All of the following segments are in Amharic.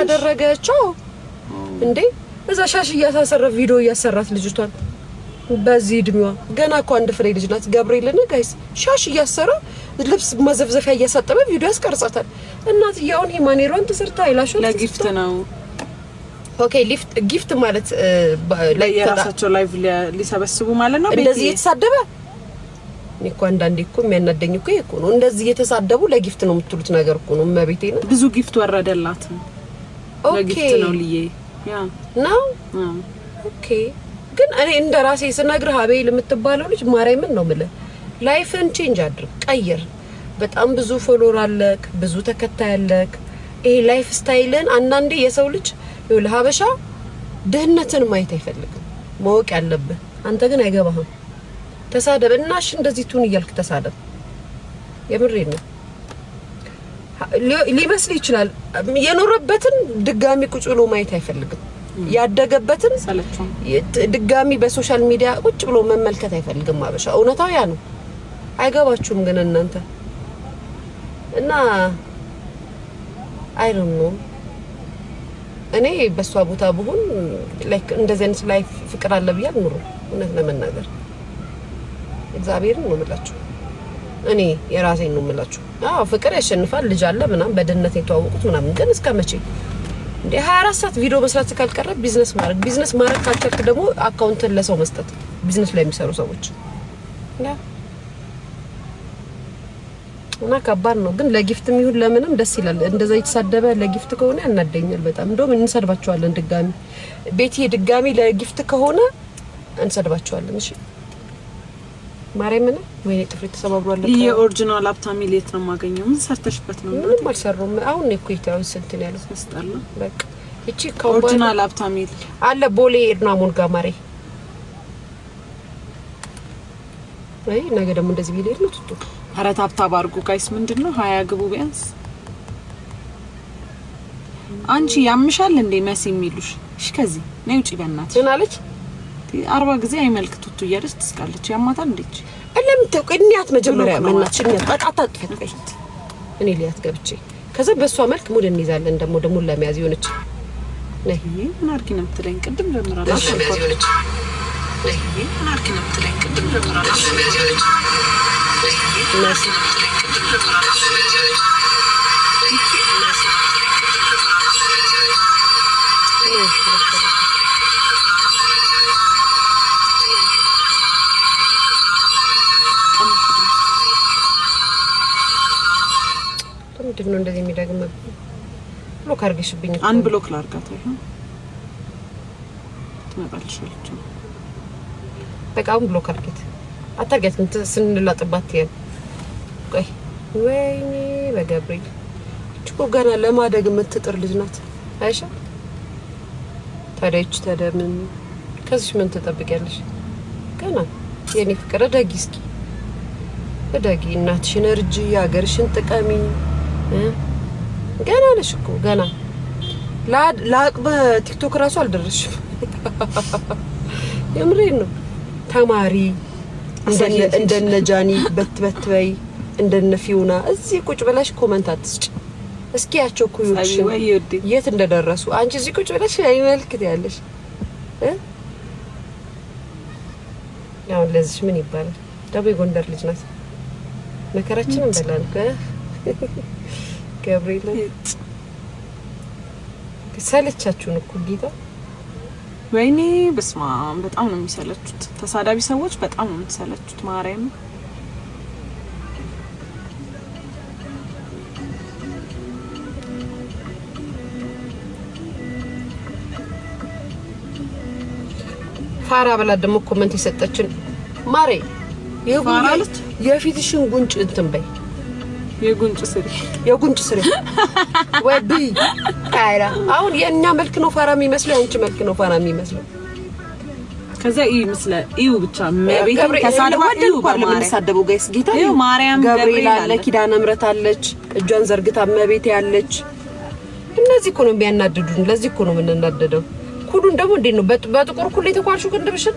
ያደረገችው እንዴ? እዛ ሻሽ እያሳሰረፍ ቪዲዮ እያሰራት ልጅቷን በዚህ እድሜዋ ገና እኮ አንድ ፍሬ ልጅ ናት። ገብርኤልን ጋይስ ሻሽ እያሰረ ልብስ መዘፍዘፊያ እያሳጠበ ቪዲዮ ያስቀርጻታል። እናትየውን ሂማኔሯን ትስርታ አይላሹ ለጊፍት ነው። ኦኬ ሊፍት ጊፍት ማለት ለየራሳቸው ላይቭ ሊሰበስቡ ማለት ነው። እንደዚህ እየተሳደበ እኮ አንዳንዴ እኮ የሚያናደኝ እኮ እኮ ነው። እንደዚህ እየተሳደቡ ለጊፍት ነው የምትሉት ነገር እኮ ነው። እመቤቴ ነው ብዙ ጊፍት ወረደላት። ለጊፍት ነው ልዬ ነው። ኦኬ ግን እኔ እንደ ራሴ ስነግርህ አቤል የምትባለው ልጅ ማርያምን ነው የምልህ፣ ላይፍን ቼንጅ አድርግ፣ ቀይር። በጣም ብዙ ፎሎር አለክ፣ ብዙ ተከታይ አለክ። ይሄ ላይፍ ስታይልን አንዳንዴ የሰው ልጅ ይኸውልህ፣ ሀበሻ ድህነትን ማየት አይፈልግም። ማወቅ ያለብህ አንተ ግን አይገባህም። ተሳደብ እናሽ እንደዚህ ቱን እያልክ ተሳደብ። የምሬ ነው። ሊመስል ይችላል። የኖረበትን ድጋሚ ቁጭ ብሎ ማየት አይፈልግም። ያደገበትን ድጋሚ በሶሻል ሚዲያ ቁጭ ብሎ መመልከት አይፈልግም። አበሻ እውነታው ያ ነው። አይገባችሁም ግን እናንተ እና አይ ነው። እኔ በእሷ ቦታ ብሆን ላይክ እንደዚህ አይነት ላይፍ ፍቅር አለ ብዬ አልኖርም። እውነት ለመናገር እግዚአብሔርን ነው የምላችሁ። እኔ የራሴን ነው የምላችሁ። አዎ ፍቅር ያሸንፋል። ልጅ አለ ምናምን በድህነት የተዋወቁት ምናምን፣ ግን እስከ መቼ እንደ 24 ሰዓት ቪዲዮ መስራት ካልቀረ ቢዝነስ ማድረግ፣ ቢዝነስ ማድረግ ካልቻልክ ደግሞ አካውንትን ለሰው መስጠት፣ ቢዝነስ ላይ የሚሰሩ ሰዎች እና ከባድ ነው። ግን ለጊፍት ይሁን ለምንም ደስ ይላል። እንደዛ የተሳደበ ለጊፍት ከሆነ ያናደኛል በጣም እንደውም እንሰድባቸዋለን ድጋሚ ቤቴ ድጋሚ ለጊፍት ከሆነ እንሰድባቸዋለን። እሺ ማርያምን ወይኔ ጥፍሬ ተሰባብሯል። የኦሪጂናል ሀብታ ሚሌት ነው የማገኘው። ምን ሰርተሽበት ነው? ምንም አልሰሩም። አሁን ነው ኩይታው ስንትን ያለው ስስጣለ በቃ እቺ ኦሪጂናል ሀብታ ሚል አለ ቦሌ ኤድና ሞን ማሬ ወይ ነገ ደግሞ እንደዚህ ቢሄድ ነው ትጡ ኧረ ታብታብ አድርጉ ጋይስ። ምንድን ሀያ ግቡ ቢያንስ። አንቺ ያምሻል እንዴ መሲ የሚሉሽ እሺ። ከዚህ ነይ ውጪ በእናትሽ እናለች አርባ ጊዜ አይመልክቱቱ እያለች ትስቃለች። ያማታል እንዴች ለምታውቅ እኒያት መጀመሪያ መናች እኒያት በቃ ጥፈት ቀይት እኔ ሊያት ገብቼ ከዛ በእሷ መልክ ሙድ እንይዛለን። ደግሞ ደግሞ ለመያዝ የሆነች ነይ ምን አድርጊ ነው የምትለኝ? ቅድም ጀምራለች ሆነች ምንድን ነው እንደዚህ የሚደግም ብሎክ አድርገሽብኝ። አን ብሎክ ላርጋት ትመጣልሻለች። በቃ አሁን ብሎክ አድርጌት አታርጊያት ስንላጥባት ያ ቆይ ወይኔ በገብርኤል እችኮ ገና ለማደግ የምትጥር ልጅ ናት። አይሻ ታዲያ ይች ታዲያ ምን ከዚሽ ምን ትጠብቂያለሽ? ገና የኔ ፍቅር እደጊ፣ እስኪ እደጊ፣ እናትሽን እርጂ፣ ሀገርሽን ጥቀሚ። ገና ነሽ እኮ ገና ለአቅበ ቲክቶክ እራሱ አልደረስሽም። የምሬን ነው። ተማሪ እንደነ ጃኒ በትበት በይ እንደነ ፊውና እዚህ ቁጭ ብለሽ ኮመንት አትስጭ። እስኪ ያቸው ኩዮች የት እንደደረሱ አንቺ እዚህ ቁጭ ብለሽ አይመልክት ያለሽ ያው ለዚህ ምን ይባላል? ደቡብ ጎንደር ልጅ ናት። መከራችንን በላን። ገብርኤል ሰለቻችሁን እኮ ጌታ ወይኔ በስመ አብ በጣም ነው የሚሰለችት። ተሳዳቢ ሰዎች በጣም ነው የሚሰለቹት ማርያም ፋራ ብላ ደግሞ ኮመንት የሰጠችን ማሬ የፊትሽን ጉንጭ እንትን በይ የጉንጭ ስሬ የጉንጭ ስሬ ወይ ብይ ካይራ አሁን የእኛ መልክ ነው ፋራ የሚመስለው፣ የአንቺ መልክ ነው ፋራ የሚመስለው። ከዛ ይሄ ምስለ ይሁ ብቻ ቤት ተሳድባ ጋይስ ጌታ ማርያም ገብርኤል አለ፣ ኪዳነ ምሕረት አለች፣ እጇን ዘርግታ መቤት ያለች። እነዚህ እኮ ነው የሚያናድዱን። ለዚህ እኮ ነው የምንናደደው። ደግሞ እንዴት ነው በጥቁር ኩል የተኳልሽው ቅንድብሽን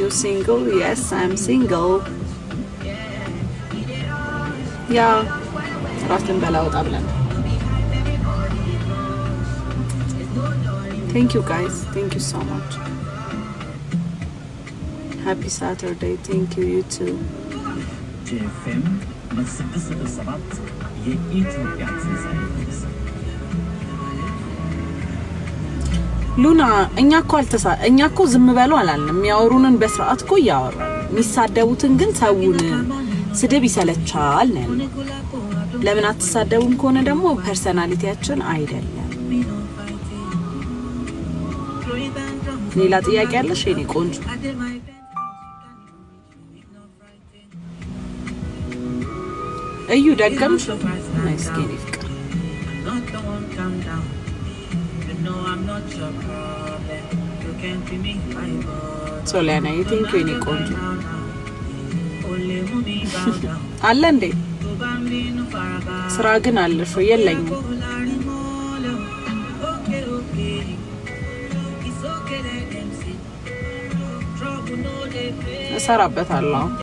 You single? Yes, I'm single. Yeah. ራስን Thank you guys. Thank you so much. Happy Saturday. Thank you you too. ሉና እኛ እኮ አልተሳ እኛ እኮ ዝም በሉ አላልንም። የሚያወሩንን በስርዓት እኮ እያወራን የሚሳደቡትን ግን ሰውን ስድብ ይሰለቻል ነው። ለምን አትሳደቡም ከሆነ ደግሞ ፐርሰናሊቲያችን አይደለም። ሌላ ጥያቄ አለሽ የኔ ቆንጆ? እዩ ደገም መስኪን ይፍቅር ሶሊያና የቴንኪ ቆንጆ አለ እንዴ? ስራ ግን አለሽ ወይ? የለኝም። እሰራበታለሁ።